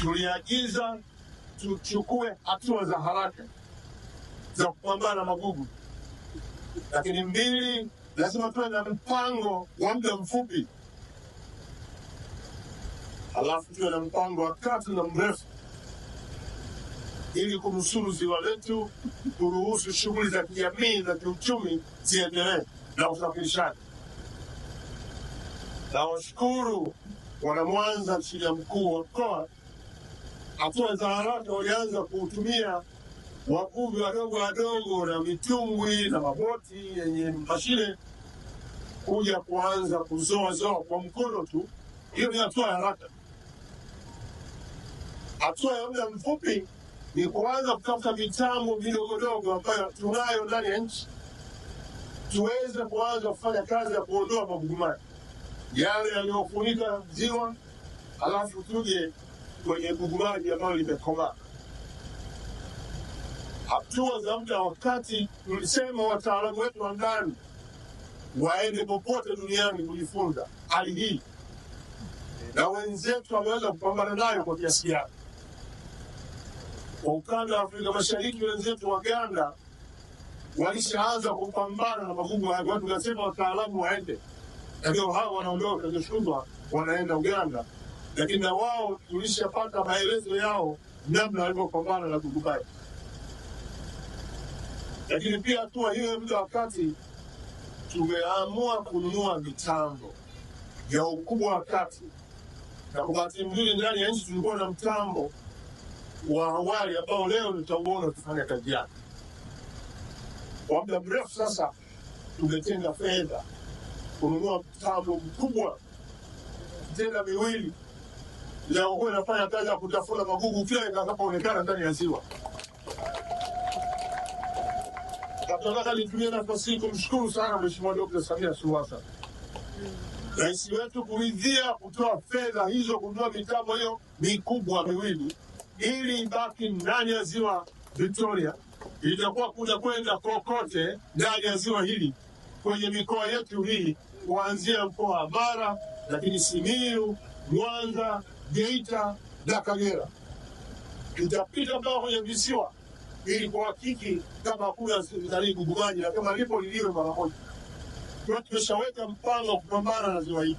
tuliagiza tuchukue hatua za haraka za kupambana na magugu, lakini mbili, lazima tuwe na mpango wa muda mfupi, halafu tuwe na mpango wa kati na mrefu, ili kunusuru ziwa letu, kuruhusu shughuli za kijamii na kiuchumi ziendelee na usafirishaji. Nawashukuru wana Mwanza, ya mkuu wa mkoa hatua za haraka walianza kuutumia wavuvi wadogo wadogo na mitumbwi na maboti yenye mashine kuja kuanza kuzoazoa kwa mkono tu. Hiyo ni hatua ya haraka. Hatua ya muda mfupi ni kuanza kutafuta mitambo midogodogo ambayo tunayo ndani ya nchi, tuweze kuanza kufanya kazi ya kuondoa magugu yale yaliyofunika ziwa, halafu tuje kwenye bugumani ambayo limekomaa. Hatua za muda wakati, tulisema wataalamu wetu wa ndani waende popote duniani kujifunza hali hii, na wenzetu wameweza kupambana nayo kwa kiasi gani. Kwa ukanda wa Afrika Mashariki, wenzetu Waganda walishaanza kupambana na magugu hayo. Tukasema wataalamu waende, na hawa hao wanaondoka, kesho wanaenda Uganda lakini na wao tulishapata maelezo yao namna walivyopambana na Gugubaji. Lakini pia hatua hiyo, muda wakati tumeamua kununua mitambo ya ukubwa wa kati, na kwa bahati nzuri ndani ya nchi tulikuwa na mtambo wa awali ambao leo nitauona ukifanya kazi yake. Kwa muda mrefu sasa tumetenga fedha kununua mtambo mkubwa tena miwili japokuwa inafanya kazi ya kutafuna magugu kila itakapoonekana ndani ya ziwa. Nataka nitumie nafasi hii kumshukuru sana Mheshimiwa Dkt. Samia Suluhu Hassan, rais wetu, kuridhia kutoa fedha hizo kununua mitambo hiyo mikubwa miwili ili ibaki ndani ya ziwa Victoria. Itakuwa kuja kwenda kokote ndani ya ziwa hili kwenye mikoa yetu hii kuanzia mkoa wa Mara, lakini Simiyu, Mwanza Geita na Kagera. Itapita mpaka kwenye visiwa ili kuhakiki kama kuna nani gugumaji, na kama lipo lilio mara moja. Tumeshaweka mpango wa kupambana na ziwa hili.